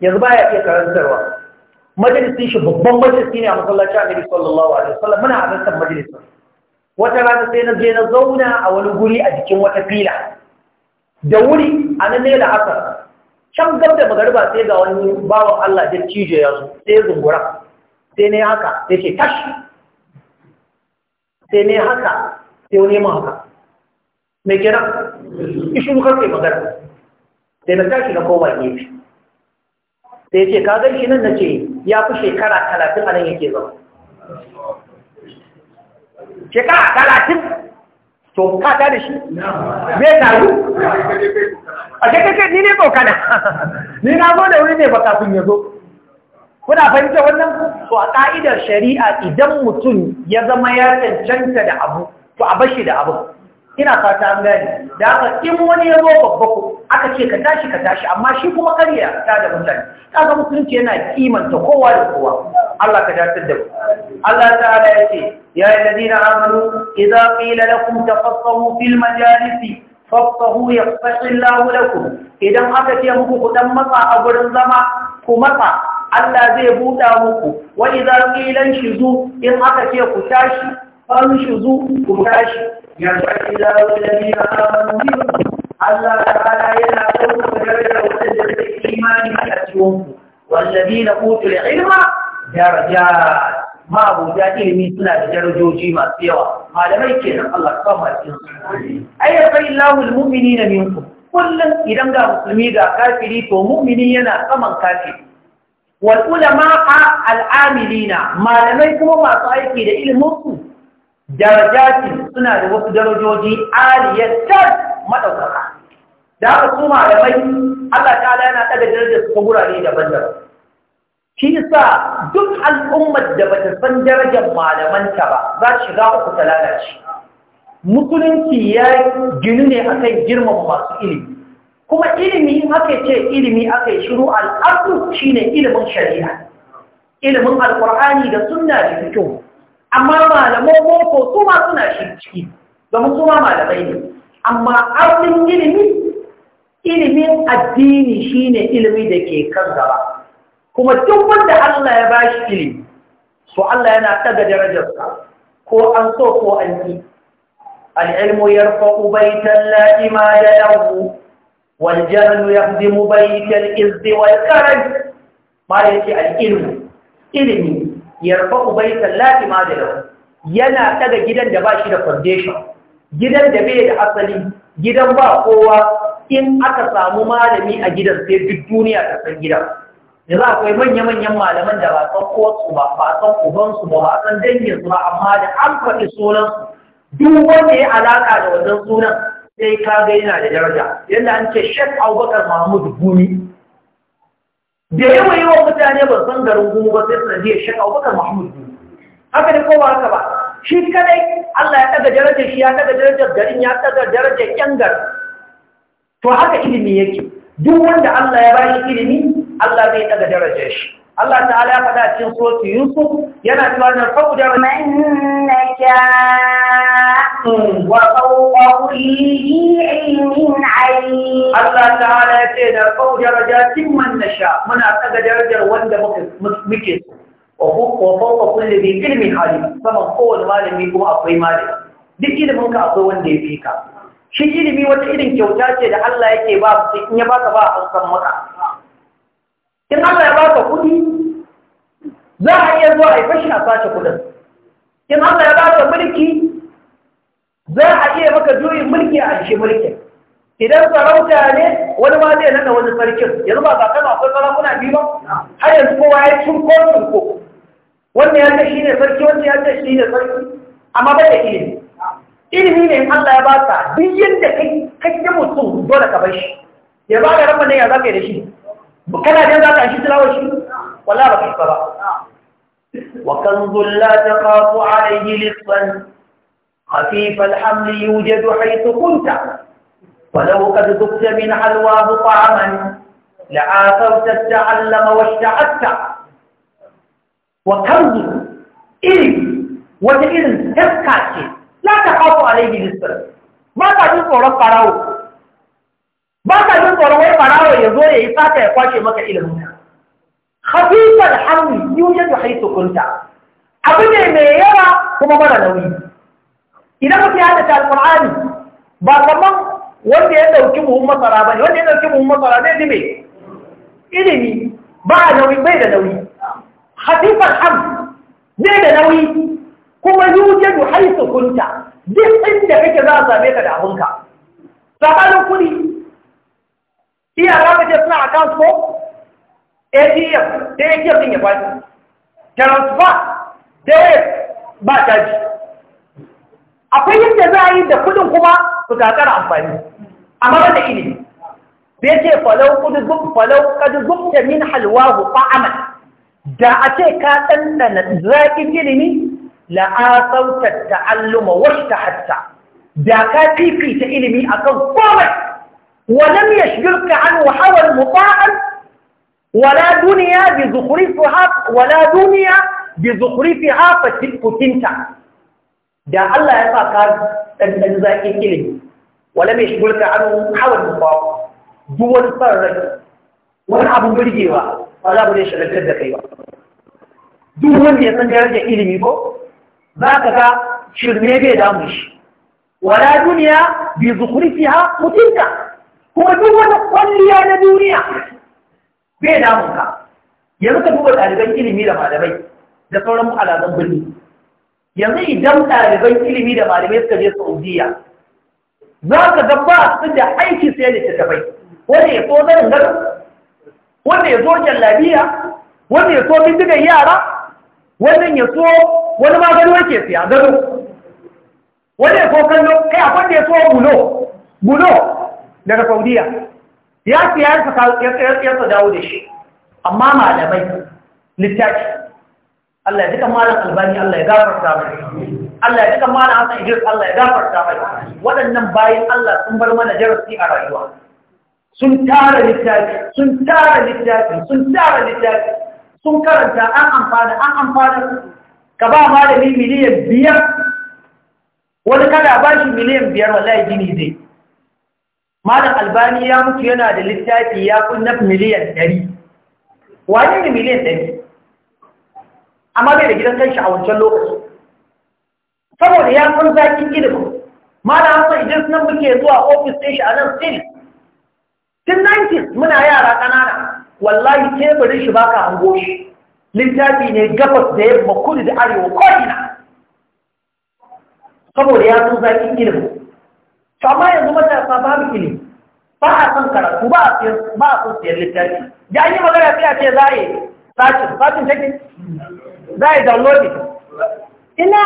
yanzu baya iya karantarwa Majalisun shi babban majalisi ne a masallacin amiri sallallahu alaihi wasallam muna halartar majalisin wata rana sai na je na zauna a wani guri a jikin wata fila da wuri a nan ne da asar can gab da magariba sai ga wani bawan Allah da cije ya zo sai zungura sai ne haka sai ce tash sai ne haka sai wani mun haka me kenan ishin kake magana sai na tashi na koma gefe sai ce ka gan shi nan na ce ya fi shekara talatin a nan yake zama shekara talatin to ka ta da shi zai taru a shekara ni ne tsokana ni na zo da wuri ne ba kafin ya zo kuna fahimta wannan to a ka'idar shari'a idan mutum ya zama ya cancanta da abu to a bashi da abu ina fata an gani da aka in wani ya zo babba ku aka ce ka tashi ka tashi amma shi kuma karya ta da mutane kaga mutunci yana kimanta kowa da kowa Allah ka dace da Allah ta'ala ya ce ya alladina amanu idza qila lakum tafassahu fil majalisi fafsahu yafsahillahu lakum idan aka ce muku ku dan matsa a gurin zama ku matsa Allah zai buɗa muku wa idza qila shizu in aka ce ku tashi falu shi zu ku tashi ya tashi da wani da amanu Allah ta'ala yana kuma daraja wanda ke imani a cikin ku walladina utul ilma daraja ma bu ilimi suna da darajoji masu yawa malamai kenan Allah ta ba shi ai ya fa illahu al mu'minina idan ga musulmi ga kafiri to mu'mini yana saman kafiri والعلماء العاملين ما لم يكونوا ما صايفين إلى مصر darajatin suna da wasu darajoji aliyatar madaukaka da haka su malamai Allah ta'ala yana ɗaga darajar su ta wurare daban-daban shi yasa duk al'ummar da bata san darajar malamanta ba za ta shiga uku ta lalace musulunci ya ginu ne akan girmama masu ilimi kuma ilimi in aka ce ilimi aka yi shiru al'adu shine ilimin shari'a ilimin Alƙur'ani da sunna da fikihu amma malamai boko su ma suna shi ciki domin su ma malamai ne amma asalin ilimi ilimin addini shine ilimi da ke kan gaba kuma duk wanda Allah ya bashi ilimi so Allah yana taga darajarsa ko an so ko an yi العلم يرفع بيتا لا إمال له والجهل يهدم بيت الإذ والكرم ما يأتي العلم ilimi yarfa'u baitan ma da lahu yana daga gidan da ba shi da foundation gidan da bai da asali gidan ba kowa in aka samu malami a gidan sai duk duniya ta san gidan za akwai manya-manyan malaman da ba san kowarsu ba ba san ubansu ba ba san danginsu ba amma da an faɗi sunansu duk wanda ya alaƙa da wannan sunan sai ka ga yana da daraja yadda an ce shek abubakar mahmud gumi da yawa yawan mutane ba san garin gumu ba sai sanadiyar shaka abubakar mahmud ne haka ne kowa haka ba shi kadai Allah ya daga darajar shi ya daga darajar garin ya daga darajar yan gar to haka ilimi yake duk wanda Allah ya bashi ilimi Allah zai daga darajar shi Allah ta'ala ya faɗa cikin suratu Yusuf yana cewa da saboda mannaka wa fawqa kulli ilmin alim Allah ta'ala ya ce na da saboda rajatin mannasha muna kaga darajar wanda muke so wa fawqa kulli bi ilmi alim sama kowane malami kuma akwai malami duk ilimin ka akwai wanda ya fi ka shi ilimi wata irin kyauta ce da Allah yake ba in ya baka ba a san maka in Allah ya baka kuɗi za a iya zuwa a fashi a sace kuɗin in Allah ya baka mulki za a iya maka juyin mulki a ashe mulkin idan sarauta ne wani ma zai nada wani sarkin yanzu ba zaɓen akwai kuna biyu ba har yanzu kowa ya cinko cinko wannan yanzu shi ne sarki wannan yanzu shi ne sarki amma ba da ilimi ilimi ne in Allah ya ba ka duk kai kake mutum dole ka bar shi ya ba da ranar ya zaka yi da shi kana jin za shi وكنز لا تخاف عليه لصا خفيف الحمل يوجد حيث كنت ولو قد ذقت من حلواه طعما لعاثرت التعلم واشتعدت وكنز إلي وتئذن تسكى لا تخاف عليه لصا ما تعجب ورق راوك ba ka jin tsoron wai farawa ya zo ya yi sata ya kwashe maka ilimin ka yi hamli da haythu kunta abu ne mai yawa kuma mara nauyi idan mutum ya ta alqur'ani ba kaman wanda ya dauki buhun masara ne, wanda ya dauki buhun masara ne zime. ilimi ba nauyi bai da nauyi Hafifar hannu ne da nauyi kuma da haythu kunta duk inda kake za a same ka da abunka sabanin kuɗi iya za ka ce suna su ko atm ta atm din ya faɗi transfer direct ba caji akwai yadda za a yi da kudin kuma su kakara amfani amma ba da ilimi bai ce falau kudu zub falau kadu zubta min halwahu fa'amal da a ce ka ɗanɗana zaƙin ilimi la'asautar ta'alluma wasta hatta da ka fifita ilimi akan komai ولم يشغلك عنه حوى مطاعا ولا دنيا بزخرفها ولا دنيا بزخرفها فتلك تنتع دع الله يسعى كان الأجزاء إليه ولم يشغلك عنه حوى مطاعا دول فرد ولا أبو بريجيوا ولا أبو يشغل كذكيوا دول يسعى جارجة إليه بو ذاك ذا شرمي بيدامش ولا دنيا بزخرفها مطاعا kuma duk wata kwalliya na duniya bai damun ka yanzu ka duba ɗaliban ilimi da malamai da sauran alazan birni yanzu idan ɗaliban ilimi da malamai suka je saudiya za ka ga ba su da aiki sai da tattabai wanda ya so zan gado wanda ya so jallabiya wanda ya so bindigan yara wannan ya so wani magani wake siya gado wanda ya so kallo kai akwai da ya so bulo bulo daga saudiya ya siyarsa ya dawo da shi amma malamai littafi Allah ya duka malar albani Allah ya gafarta mai Allah ya duka malar hasan Idris Allah ya gafarta mai waɗannan bayan Allah sun bar mana jarasi a rayuwa sun tara littafi sun tara littafi sun tara littafi sun karanta an amfana an amfani ka ba malami miliyan biyar wani kada ba shi miliyan biyar wallahi gini zai malam albani ya mutu yana da littafi ya kunna miliyan ɗari. wani ne miliyan ɗari? amma bai da gidan kanshi a wancan lokaci saboda ya kun zaki ilimin malam hasa idan sunan muke zuwa ofis ɗin shi a nan sin tun 90 muna yara ƙanana wallahi teburin shi baka hango shi littafi ne gabas da yamma kudu da arewa ko'ina saboda ya kun zaki ilimin to yanzu matasa babu ilimi ba a son karatu ba a siyan ba a son siyan littafi da an yi magana sai a ce za a yi sacin sacin take za a yi downloading ina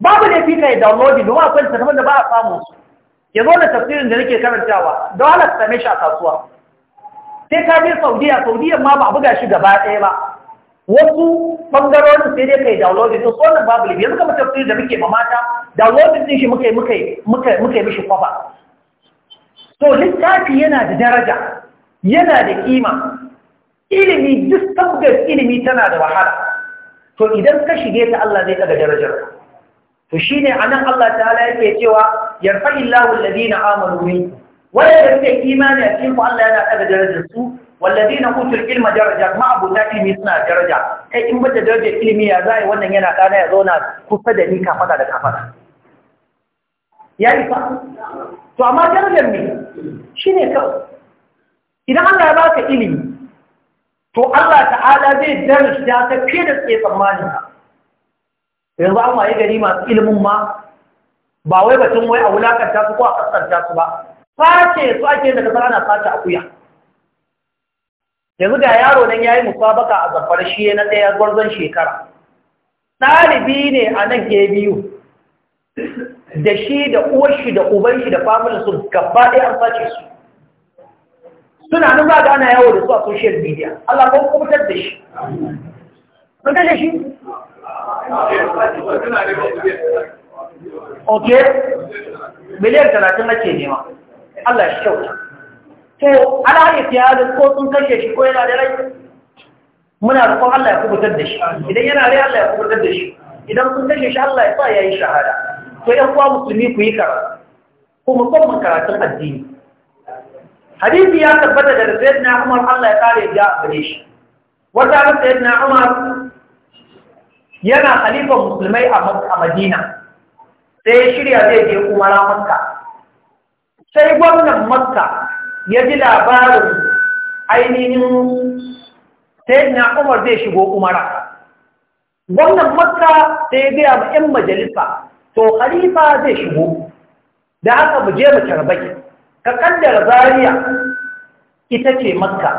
babu ne fi ka yi downloading domin akwai littattafan da ba a samu su ya zo da tafsirin da nake karantawa da wala ta same shi a kasuwa sai ka je saudiya saudiya ma ba a buga shi gaba ɗaya ba wasu bangarorin sai dai kai downloading din sonan babu libi yanzu kamar tafsirin da muke ma mata downloading din shi muka yi muka yi muka yi mishi kwafa so littafi yana da daraja yana da kima ilimi duk tabbas ilimi tana da wahala to idan ka shige ta Allah zai daga darajar to shine anan Allah ta'ala yake cewa yarfa'illahu alladhina amanu minkum wanda suke imani a cikin ku Allah yana daga darajar su والذين اوتوا العلم ilma ما ابو ilimi suna daraja kai in bada darajar ilimi ya zai wannan yana kana ya zauna kusa da ni kafada da kafada ya yi fa to amma darajar ne shi ne kawai idan Allah ya baka ilimi to Allah ta'ala zai darajta ta fiye da tsaye tsammanin ka yanzu an waye gari masu ilimin ma ba wai batun wai a wulakanta su ko a kaskanta su ba sace su ake daga sana na sace akuya yanzu ga yaro nan ya yayi musabaka a zafar shi na ɗaya gwarzon shekara ɗalibi ne a nan ke biyu da shi da uwarshi da ubanshi da familin su gaba ɗaya an sace su suna nan za ga ana yawo da su a social media Allah ko kubutar da shi sun kashe shi ok miliyan talatin ake nema Allah shi kyauta to ana hanyar fiye ko sun kashe shi ko yana da rai muna rufon Allah ya kubutar da shi idan yana rai Allah ya kubutar da shi idan sun kashe shi Allah ya sa ya yi shahada to ɗan kuwa musulmi ku yi karatu kuma kuma karatun addini hadisi ya tabbata da da na Umar Allah ya kare ya gare shi wata ran sayyidina Umar yana khalifan musulmai a Madina sai ya shirya zai je umara Makka sai gwamnan Makka ya ji labarin ainihin na Umar zai shigo umara gwamnan Makka sai ya gaya ma 'yan majalisa to khalifa zai shigo da haka mu je mu tarbai ka kaddara Zariya ita ce makka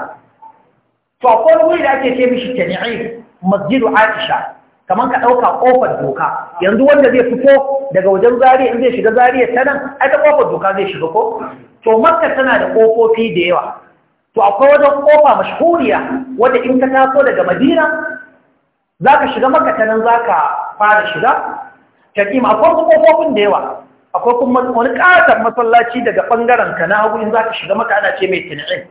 to akwai wuri da ake ce mishi tani'i masjidu aisha kamar ka ɗauka ƙofar doka yanzu wanda zai fito daga wajen zariya in zai shiga zariya ta nan ai ta doka zai shiga ko to makka tana da ƙofofi da yawa to akwai wajen ƙofa mashhuriya wanda in ka taso daga madina za ka shiga makka ta nan za ka fara shiga shakima akwai kofofin da yawa akwai kuma wani ƙatar masallaci daga ɓangaren ka na hagu in za ka shiga maka ana ce mai tunanin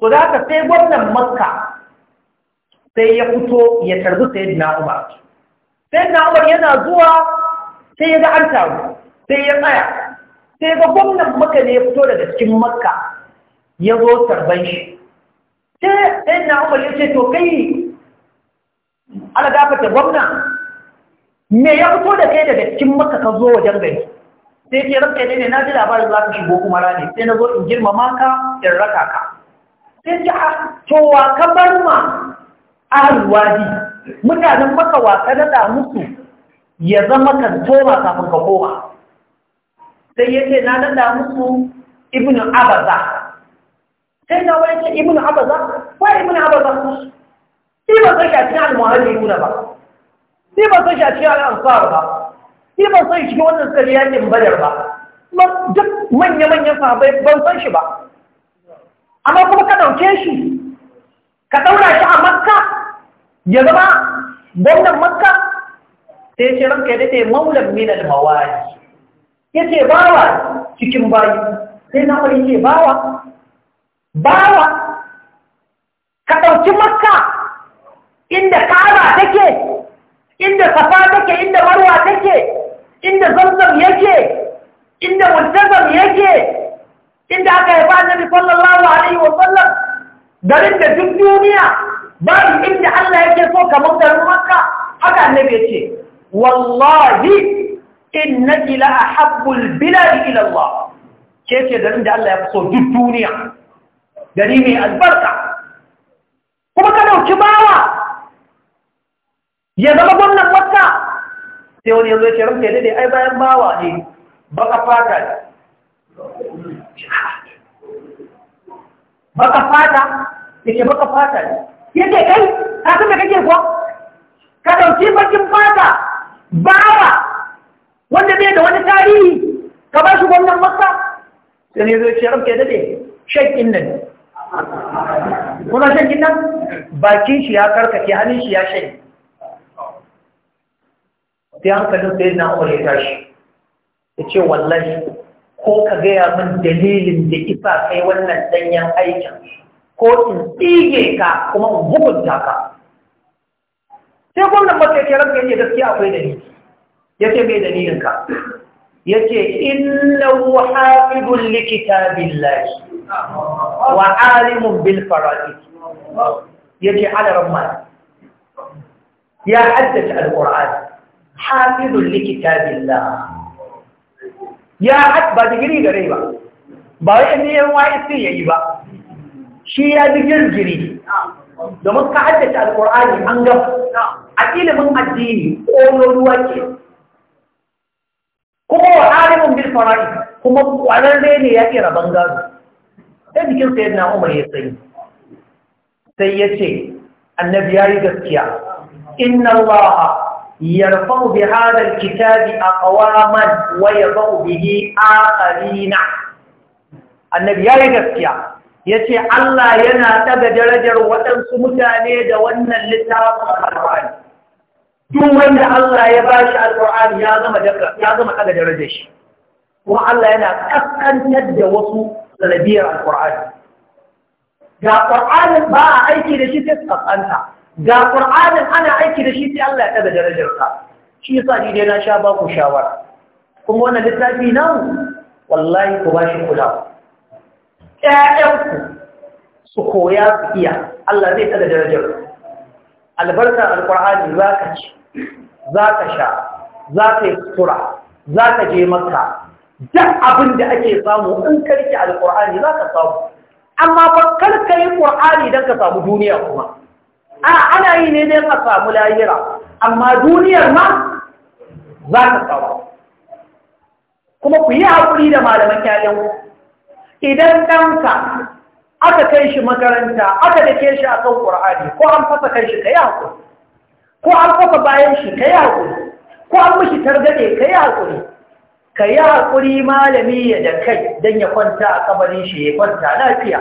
so za ka sai gwamnan makka sai ya fito ya tarzu sai na umar sai dina umar yana zuwa sai ya ga an taru sai ya tsaya sai ga gwamnan maka ne ya fito daga cikin makka ya zo tarban shi sai dina umar ya ce to kai ala gafata gwamnan me ya fito da kai daga cikin maka ka zo wajen gari sai ke ranka ne ne na ji labarin za ka shigo kuma rani sai na zo in girmama ka in raka ka sai ce a ah, cewa ka bar ma a wadi mutanen maka wasa na da musu ya zama kan toma kafin ka koma sai ya ce na nada musu ibn abaza sai na wani ce ibn abaza ba ibn abaza ibn zai shafi na almuhari ya ba ni ban sai shi a cikin al'ansar ba ni ban sai shi wannan tsari yakin badar ba duk manya-manyan sahabai ban san shi ba amma kuma ka ɗauke shi ka ɗaura shi a makka ya zama gwamnan makka sai ce ranka ya daɗe maulan minal mawari ya ce bawa cikin bayi sai na wani ce bawa bawa ka ɗauki makka inda kara take inda safa take inda marwa take inda zamzam yake inda muntazam yake inda aka haifa annabi sallallahu alaihi wa sallam garin da duk duniya babu inda Allah yake so kamar garin Makka haka annabi yace wallahi innaki la ahabbul bilad ila Allah ke ce garin da Allah ya fi so duk duniya gari mai albarka kuma ka dauki bawa ya zama gwamnan makka sai wani yanzu ya ce ranka ya ai bayan bawa ne baka fata ne baka fata yake baka fata ne yake kai ka san da kake kuwa ka dauki bakin fata bawa wanda bai da wani tarihi ka ba shi gwamnan makka sai ne zai ce ranka ya daidai nan kuma shakin nan bakin shi ya karkace hannun shi ya shakin sai hankalin sai na umar ya tashi ya ce wallahi ko ka gaya min dalilin da isa kai wannan danyen aikin ko in tsige ka kuma in hukunta ka sai gwamnan mataikin ranka yake gaskiya akwai dalili ya ce mai dalilin ka ya ce innahu likita likitabillahi wa alimun bil faradi ya ce ala ramman ya haddace alqur'ani hafizun likita ya hat ba digiri gare ba ba wai ya yayi ba shi ya digirgiri domin ka haddace alkur'ani an gaba a ilimin addini ƙoro ruwa ke kuma wa alimin bil fara'i kuma ƙwararre ne ya ƙira bangaro sai jikin sayar na umar ya sayi sai ya ce annabi ya yi gaskiya inna allaha yarfau bi hadal kitabi aqwaman wa yadau bihi akharina annabi yayi gaskiya ya ce Allah yana daga darajar waɗansu mutane da wannan littafin alqurani duk wanda Allah ya bashi alqurani ya zama daga ya zama daga darajar shi kuma Allah yana kaskantar da wasu dalibiyar alqurani ga alqurani ba aiki da shi sai kaskanta ga ƙur'anin ana aiki da shi sai Allah ya ɗaga darajarsa shi yasa ni dai na sha ba ku shawara kuma wannan littafi nan wallahi ku ba shi kula ƴaƴanku su koya su iya Allah zai ɗaga darajar albarkar alƙur'ani za ka ci za ka sha za ka yi sutura za ka je maka duk abin da ake samu in karki alƙur'ani za ka samu amma ba karka yi ƙur'ani don ka samu duniya kuma a ana yi ne ne ka samu lahira amma duniyar ma za ta tsawa. kuma ku yi haƙuri da malaman yayan idan ɗanka aka kai shi makaranta aka dake shi a kan ƙur'ani ko an fasa kai shi ka yi haƙuri ko an fasa bayan shi ka yi haƙuri ko an mishi targaɗe ka yi haƙuri ka yi haƙuri malami ya da kai don ya kwanta a kabarin shi ya kwanta lafiya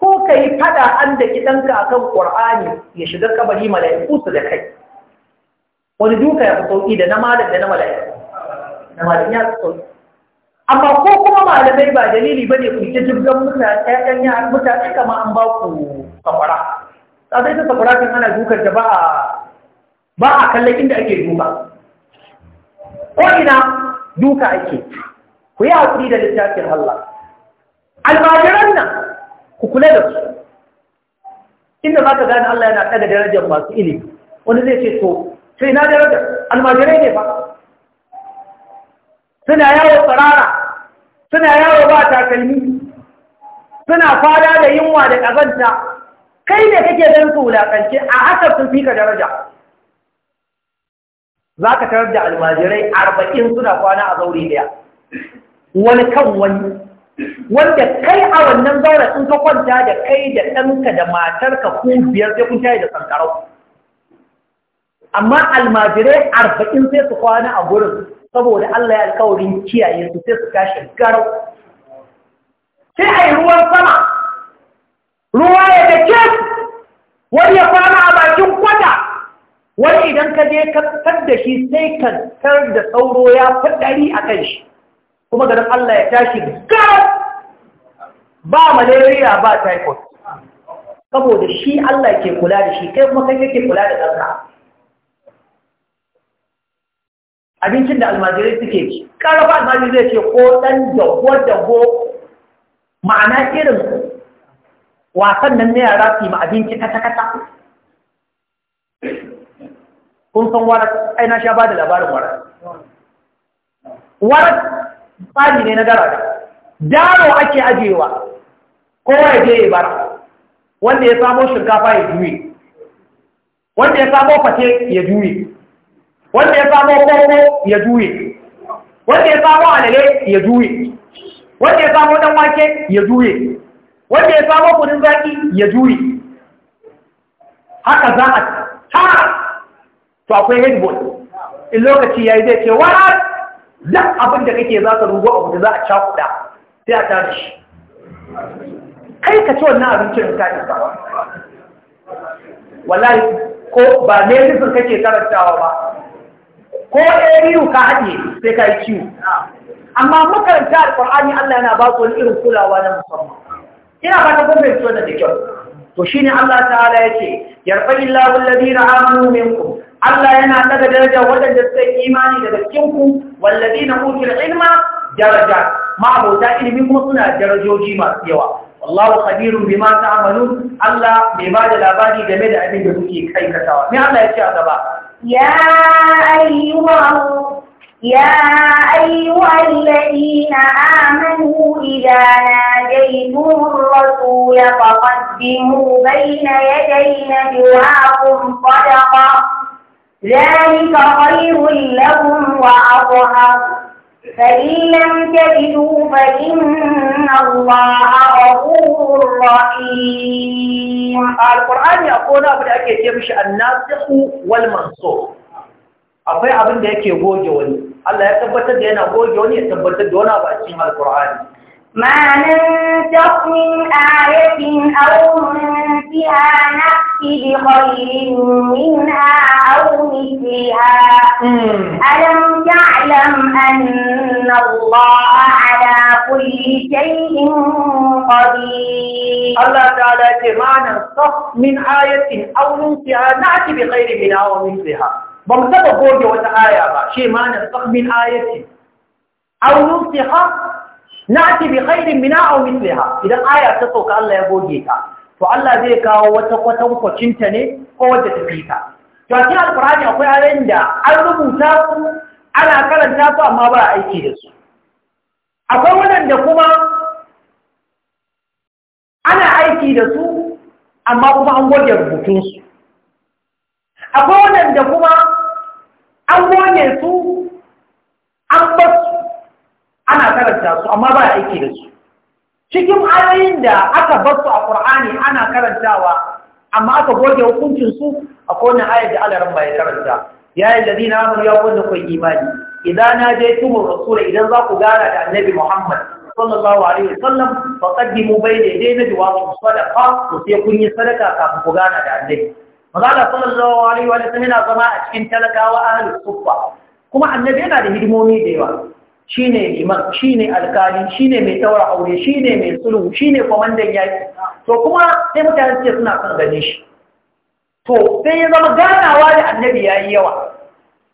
ko ka yi fada an da kiɗanka a kan ƙwar'ani ya shiga kabari mala'iku su da kai wani duka ya fi sauƙi da na malam da na mala'iku na malam ya fi sauƙi amma ko kuma malamai ba dalili ba ne ku yi jirgin mutane ya mutane kama an ba ku sakwara ta zai ta sakwara kan ana dukar da ba a kallon inda ake duka ko ina duka ake ku yi hakuri da littafin Allah almajiran nan ku kula da su inda za ka gane Allah yana ɗaga darajar masu ilimi wani zai ce to sai na darajar almajirai ne ba suna yawo tsarara suna yawo ba takalmi suna fada da yunwa da ƙazanta kai ne kake don su wulaƙance a haka sun fi ka daraja za ka tarar da almajirai arba'in suna kwana a zaure daya. wani kan wani wanda kai a wannan zaura in ka kwanta da kai da ɗanka da matarka ku biyar sai kun shayi da sankarau amma almajirai arba'in sai su kwana a gurin saboda Allah ya alkawarin kiyaye su sai su tashi garau sai a yi ruwan sama ruwa ya dake su wani ya kwana a bakin kwata wani idan ka je ka da shi sai ka tsar da sauro ya fadari a kan shi kuma garin Allah ya tashi garau ba malaria ba typhoid saboda shi Allah ke kula da shi kai kuma kai kake kula da kanka abincin da almajirai suke ci karfa almajirai zai ce ko dan dago dago ma'ana irin wasan nan ne yara su ma abinci kata kata kun san warar aina sha ba da labarin warar warar tsari ne na dara daro ake ajiyewa kowa ya je ya bara wanda ya samo shinkafa ya juye wanda ya samo fate ya juye wanda ya samo koko ya juye wanda ya samo alale ya juye wanda ya samo dan wake ya juye wanda ya samo kudin zaki ya juye haka za a tara to akwai headboard in lokaci yayi zai ce wa duk abin da kake za ka rugo abu da za a cakuda sai a tashi kai ka ci wannan abincin da ka isa wallahi ko ba medicine kake karantawa ba ko ariyu ka haɗe sai ka yi ciwo amma makaranta alƙur'ani Allah yana ba wani irin kulawa na musamman ina ba ta gwamnati da kyau to shine Allah ta'ala yake yarfa illahu alladhina amanu minkum Allah yana daga darajar waɗanda suka yi imani daga cikinku wallazi na hukir ilma daraja ma'abota ilimi kuma suna darajoji masu yawa والله خبير بما تعملون الله بماذا لا بادي جميع أبي بكي كي كتوا من الله يشاء دبا يا أيها يا أيها الذين آمنوا إذا ناجيتم الرسول فقدموا بين يدينا دعاكم صدقة ذلك خير لهم وأظهر فإن لم تجدوا فإن الله غفور رحيم القرآن يقول أبدا أكي تمشي الناسخ والمنصور akwai abin da yake goge wani Allah ya tabbatar da yana goge wani ya tabbatar da wani abu a cikin alkur'ani ma nan min ayatin aw min na. بخير منها أو مثلها ألم تعلم أن الله على كل شيء قدير الله تعالى معنى الصف من آية أو ننسها نأتي بخير منها أو مثلها بمتبع قوة وتآية شيء معنى الصف من آية أو ننسها نأتي بخير منها أو مثلها إذا آية تطوك الله جيتها to Allah zai kawo wata kwatan kwacinta ne ko wadda ta fita to a cikin alkurani akwai ayoyin da an rubuta su ana karanta su amma ba aiki da su akwai waɗanda kuma ana aiki da su amma kuma an goge rubutunsu akwai waɗanda kuma an goge su an basu ana karanta su amma ba aiki da su cikin ayoyin da aka basu a Kur'ani ana karantawa amma aka goge hukuncin su a wannan ayar da Allah ya karanta ya yi zina amanu ya kunna kun imani idan na je tumur rasula idan za ku gara da annabi Muhammad sallallahu alaihi wasallam fa qaddimu na yadayna wa sadaqa to sai kun yi sadaka kafin ku gara da annabi Mazala sallallahu alaihi wa yana zama a cikin talakawa ahlus sufa kuma annabi yana da hidimomi da yawa shi ne liman shi ne alkali shi ne mai tsawar aure shi ne mai sulhu shi ne kwamandan yaki to kuma sai mutane ce suna son gani shi to sai ya zama ganawa da annabi ya yi yawa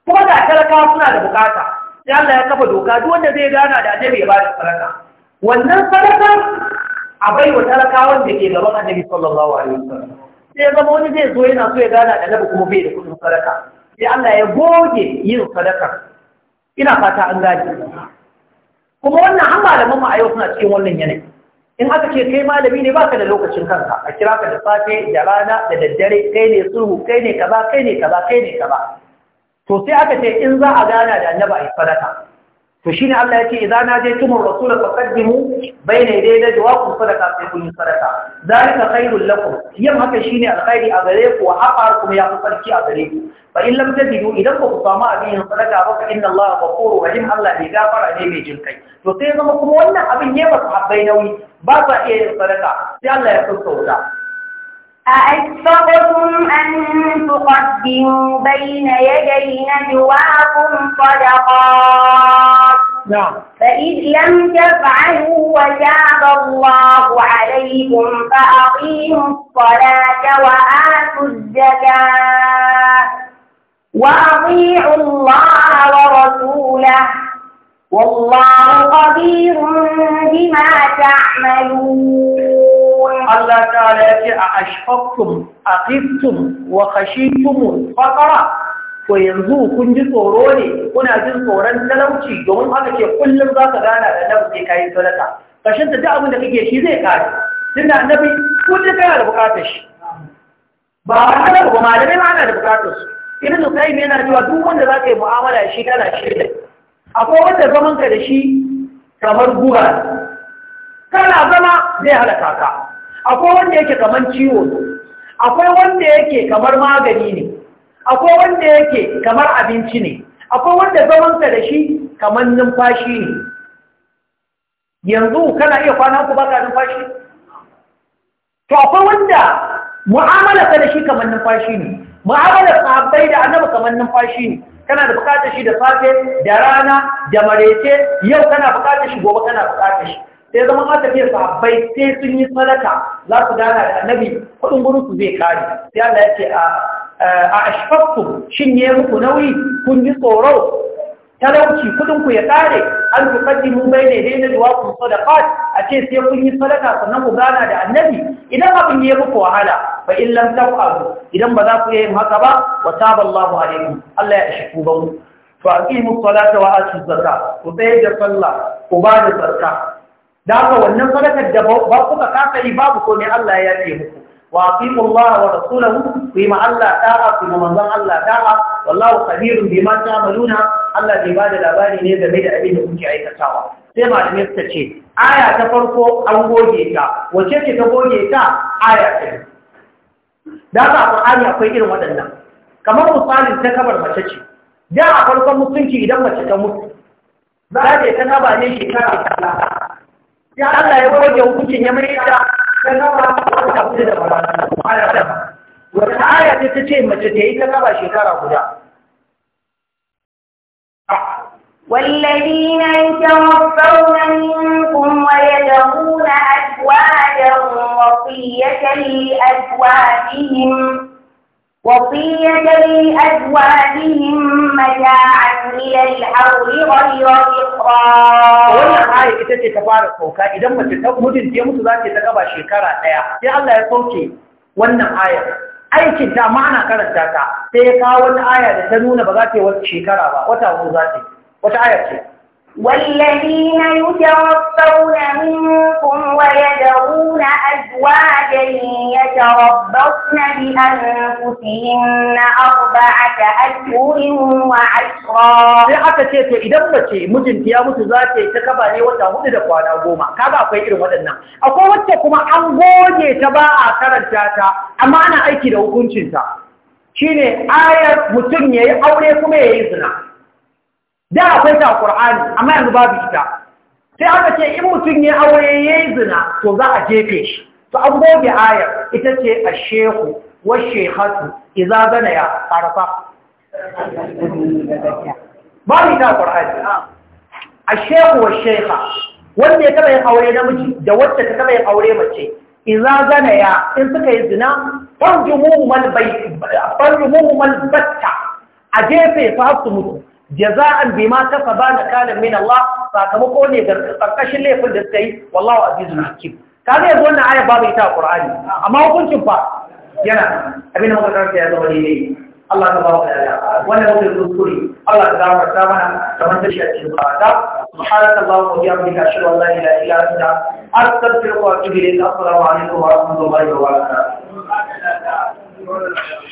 kuma da talaka suna da bukata sai Allah ya kafa doka duk wanda zai gana da annabi ya bada sadaka wannan sadaka a bai wa talaka da ke gaban annabi sallallahu alaihi wasallam sai ya zama wani zai zo yana so ya gana da annabi kuma bai da kudin sadaka sai Allah ya goge yin sadaka ina fata an gani kuma wannan an malaman mu a yau suna cikin wannan yanayi in aka ce kai malami ne baka da lokacin kanka a kira ka da safe da rana da daddare kai ne sulhu kai ne kaza kai ne kaza kai ne kaza to sai aka ce in za a gana da annaba a yi sadaka to shine Allah yake idan na je tumur rasul bai bayna dai da jawabu sadaqa sai kun sadaka zalika khairul lakum yam haka shine alkhairi a gare ku A afar kuma ya sarki a gare ku fa in lam tajidu idan ba ku samu abin sadaka ba fa inna Allah A rahim Allah ne gafara ne mai jin kai to sai zama kuma wannan abin ne ba sahabbai nauyi ba sa iya yin sadaka. sai Allah ya sassauta أأشفقتم أن تقدموا بين يدي نجواكم صدقات نعم فإذ لم تفعلوا وتاب الله عليكم فأقيموا الصلاة وآتوا الزكاة وأطيعوا الله ورسوله والله خبير بما تعملون Allah ta'ala ya ce a ashfaqtum aqiftum wa khashitum faqara to yanzu kun ji tsoro ne kuna jin tsoron talauci domin haka ke kullum za ka gana da nan sai kayi sadaka kashin ta duk abin da kake shi zai kare tunda annabi kullum kana da bukatar shi ba haka ba malamai ma ana da bukatar su irin su kai yana cewa duk wanda za ka yi mu'amala shi kana shi akwai wanda zaman ka da shi kamar gura kana zama zai halaka ka akwai wanda yake kamar ciwo akwai wanda yake kamar magani ne akwai wanda yake kamar abinci ne akwai wanda zamansa da shi kamar numfashi ne yanzu kana iya kwana ku baka numfashi to akwai wanda ka da shi kamar numfashi ne mu'amalar sahabbai da annabi kamar numfashi ne kana da bukatar shi da safe da rana da marece yau kana bukatar shi gobe kana bukatar shi sai zama ma tafiya sahabbai sai sun yi sadaka za su gana da annabi kudin gurin su zai kare sai Allah ya ce a ashfaqtum shin ne muku nauyi kun ji tsoro talauci kudin ku ya kare an ku kaddimu dai na da waku sadaqat a ce sai kun yi sadaka sannan ku gana da annabi idan abin ya muku wahala fa in lam taf'alu idan ba za ku yi haka ba wa taballahu alaikum Allah ya shi ku ba mu fa aqimu salata wa atu zakat ku tsaya da sallah ku ba da da haka wannan sadakar da ba kuka kasa yi babu ko ne Allah ya ce muku wa aqimu Allah wa rasulahu ku yi Allah da'a ku ma manzon Allah da'a wallahu khabirun bima ta'maluna Allah bai bada labari ne game da abin da kuke aikatawa sai malamai suka ce aya ta farko an goge ta wace ce ta goge ta aya ta da haka a Qur'ani akwai irin waɗannan kamar misali ta kabar mace ce da a farkon mutunci idan mace ta mutu za ta ta kaba ne shekara ya Allah ya goge hukuncin ya mai da ta kudu da wata aya ta ce mace ta yi ta shekara guda والذين يتوفون منكم ويدعون أزواجا وصية لأزواجهم وصية لأزواجهم متاعا إلى الحول غير إخراج. wannan ayat ita ce ta fara sauka idan mace ta mijin ta mutu za ta ta gaba shekara ɗaya sai Allah ya sauke wannan ayat aikin ma ana karanta ta sai ya kawo wata aya da ta nuna ba za ta yi wata shekara ba wata wata ayar ce والذين يتوفون منكم ويذرون أزواجا يتربصن بأنفسهن أربعة أشهر وعشرا sai aka ce to idan mace mijinta ya mutu za ta yi ta kaba ne wata hudu da kwana goma kaga akwai irin waɗannan akwai wacce kuma an goge ta ba a karanta ta amma ana aiki da hukuncinta shine ayar mutum ya yi aure kuma ya yi zina da akwai ta Qur'ani amma yanzu babu ita sai aka ce in mutum ya aure yayi zina to za a jefe shi to an goge ayar ita ce ash-shaykhu wash-shaykhatu idza zana ya arafa babu ita Qur'ani ash-shaykhu wash-shaykha wanda ya taba yin aure namiji da wacce ta taba yin aure mace idza zana ya in suka yi zina farjumuhum al-bayt farjumuhum al-batta a jefe su har su mutu jaza'an bima kasaba nakalan min Allah sakamako ne da karkashin laifin da suka yi wallahu azizun hakim kaga yanzu wannan aya babu ita a Qur'ani amma hukuncin fa yana abin da muka karanta ya zama ne. Allah ta bawa da wannan mutum kuskure Allah ta dawo ta mana kamar da shi a cikin barata subhanaka allahumma wa bihamdika ashhadu an la ilaha illa anta astaghfiruka wa atubu ilayk assalamu alaikum wa rahmatullahi wa barakatuh